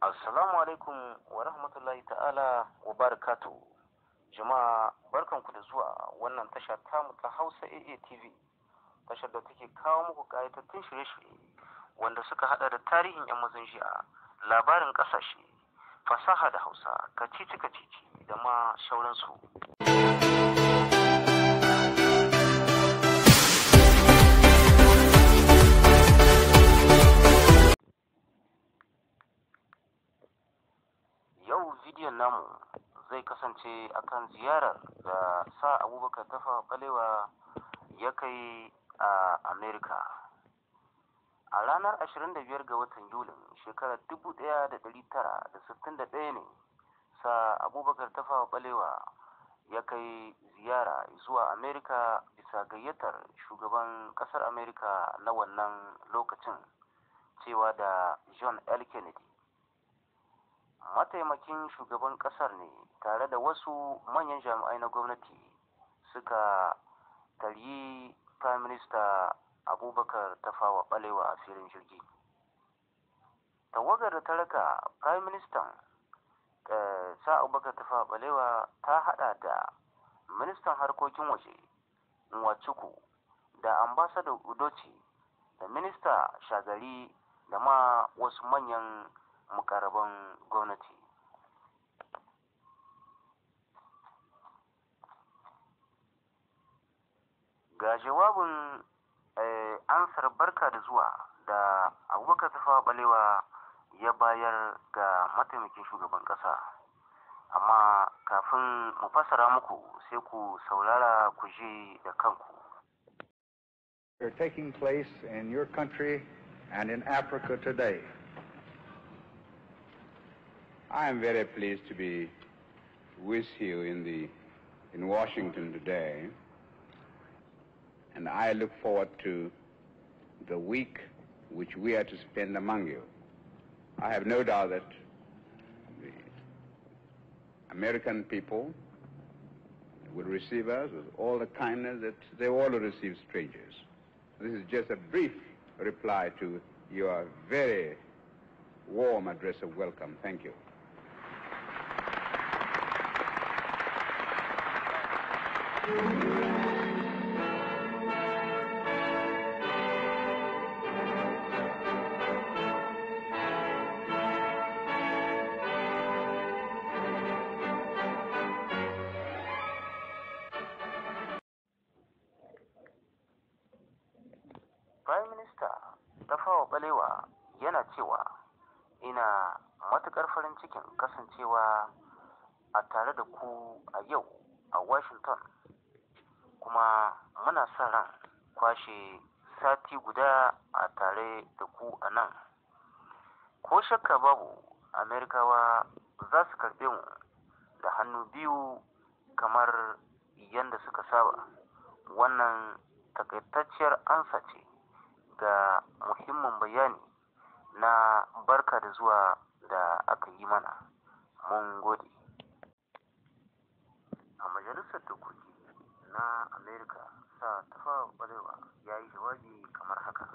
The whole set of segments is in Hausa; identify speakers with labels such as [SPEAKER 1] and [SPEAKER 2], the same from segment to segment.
[SPEAKER 1] Assalamu alaikum wa rahmatullahi ta'ala wa barakatu. Jama'a barkanku da zuwa wannan tasha tamu ta Hausa AATV Tashar da take kawo muku kayatattun shirye-shirye wanda suka hada da tarihin 'yan mazan jiya, labarin ƙasashe fasaha da Hausa, kacici-kacici da ma sauransu. yau bidiyon namu zai kasance akan ziyarar da sa abubakar tafa balewa ya kai a Amerika. a ranar 25 ga watan yulin shekarar 1961 ne sa abubakar tafa balewa ya kai ziyara zuwa Amerika bisa gayyatar shugaban kasar Amerika na wannan lokacin cewa da john l kennedy mataimakin shugaban kasar ne tare da wasu manyan jami'ai na gwamnati suka taryi prime minister abubakar tafawa balewa a filin jirgi tawagar da ta raka prime minister eh, sa abubakar tafawa balewa ta hada da ministan harkokin waje nwachuku da ambassador udoci da minista shagari da ma wasu manyan mukarraban gwamnati ga jawabin eh, ansar barka da zuwa da abubakar tafa balewa ya bayar ga mataimakin shugaban ƙasa amma kafin mu fassara muku sai ku saurara ku je da kanku
[SPEAKER 2] are taking place in your country and in Africa today. I am very pleased to be with you in the in Washington today, and I look forward to the week which we are to spend among you. I have no doubt that the American people will receive us with all the kindness that they always receive strangers. This is just a brief reply to your very warm address of welcome. Thank you. Prime
[SPEAKER 1] Minister Tafawa Balewa yana cewa ina matuƙar farin cikin kasancewa a tare da ku a yau a Washington. kuma muna sa ran kwashe sati guda a tare da ku a nan ko shakka babu amerikawa za su karbe mu da hannu biyu kamar yadda suka saba wannan takaitacciyar ansa ce ga muhimmin bayani na barka da zuwa da aka yi mana mun gode a majalisar dokoki na Amerika ya haka.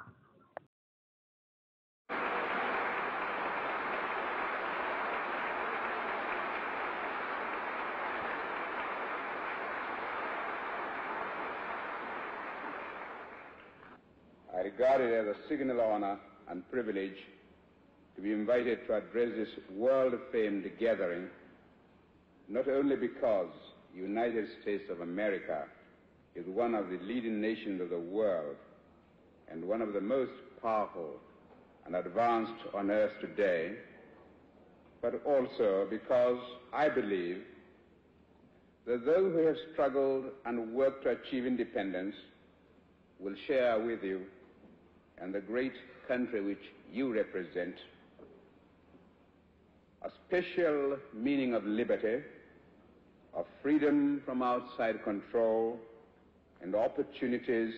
[SPEAKER 2] I regard it as a signal honor and privilege to be invited to address this world-famed gathering, not only because United States of America is one of the leading nations of the world and one of the most powerful and advanced on earth today, but also because I believe that those who have struggled and worked to achieve independence will share with you and the great country which you represent a special meaning of liberty of freedom from outside control and opportunities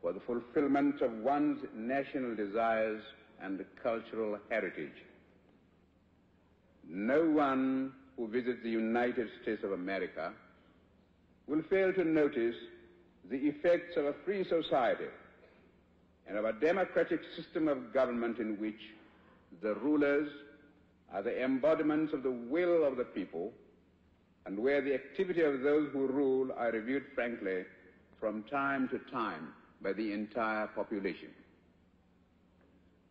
[SPEAKER 2] for the fulfillment of one's national desires and cultural heritage. No one who visits the United States of America will fail to notice the effects of a free society and of a democratic system of government in which the rulers are the embodiments of the will of the people and where the activity of those who rule are reviewed frankly from time to time by the entire population.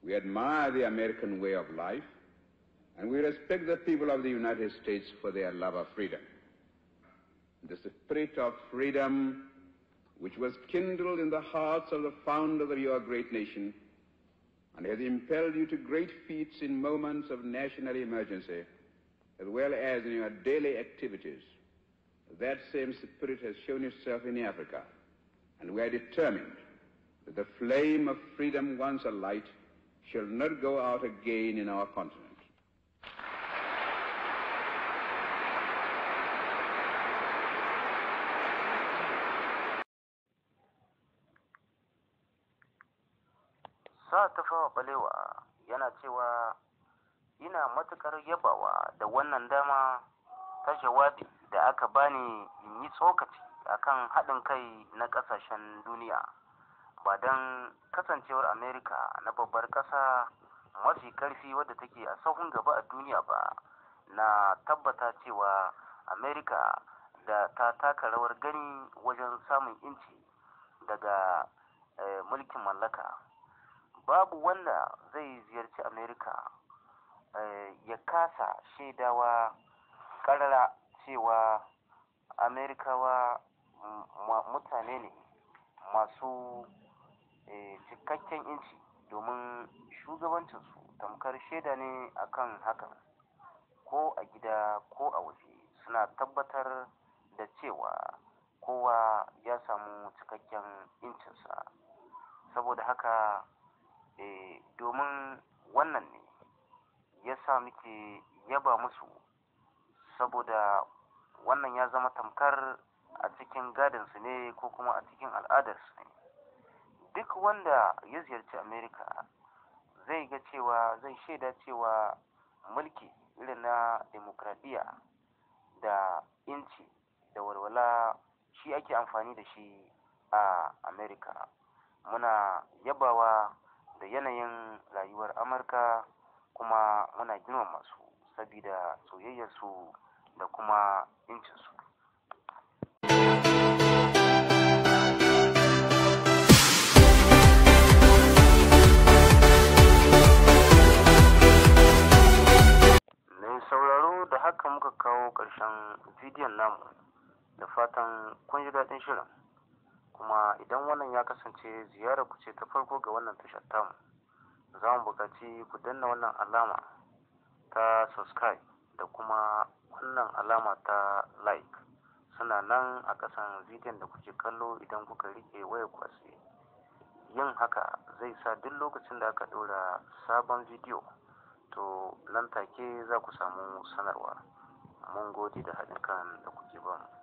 [SPEAKER 2] We admire the American way of life, and we respect the people of the United States for their love of freedom. The spirit of freedom, which was kindled in the hearts of the founders of your great nation, and has impelled you to great feats in moments of national emergency, as well as in your daily activities. That same spirit has shown itself in Africa, and we are determined that the flame of freedom once alight shall not go out again in our continent.
[SPEAKER 1] yana cewa ina matuƙar yabawa da wannan dama
[SPEAKER 2] ta jawabi
[SPEAKER 1] da aka bani in yi tsokaci akan haɗin kai na ƙasashen duniya ba don kasancewar amerika na babbar ƙasa mafi ƙarfi wadda take a sahun gaba a duniya ba na tabbata cewa amerika da ta taka rawar gani wajen samun inci daga eh, mulkin mallaka babu wanda zai ziyarci amerika Eh, ya kasa shaidawa karara cewa amerikawa mm, mutane ne masu eh, cikakken inci domin shugabancinsu tamkar shaida ne akan hakan ko a gida ko a waje suna tabbatar da cewa kowa ya samu cikakken incinsa saboda haka eh, domin wannan yasa muke yaba musu saboda wannan ya zama tamkar a cikin gadinsu ne ko kuma a cikin al'adarsu ne duk wanda ya ziyarci america zai ga cewa zai shaida cewa mulki irin na demokradiyya da inci da walwala shi ake amfani da shi a america muna yabawa da yanayin rayuwar amurka kuma muna girmama su sabida soyayyarsu da kuma su mai sauraro da haka muka kawo ƙarshen bidiyon namu da fatan kun ji daɗin shirin kuma idan wannan ya kasance ziyarar ku ce ta farko ga wannan tashar tamu za mu buƙaci ku danna wannan alama ta subscribe da kuma wannan alama ta like suna nan a ƙasan bidiyon da kuke kallo idan kuka rike waya kwasi yin haka zai sa duk lokacin da aka ɗora sabon bidiyo to nan take za ku samu sanarwa mun gode da haɗin kan da kuke bamu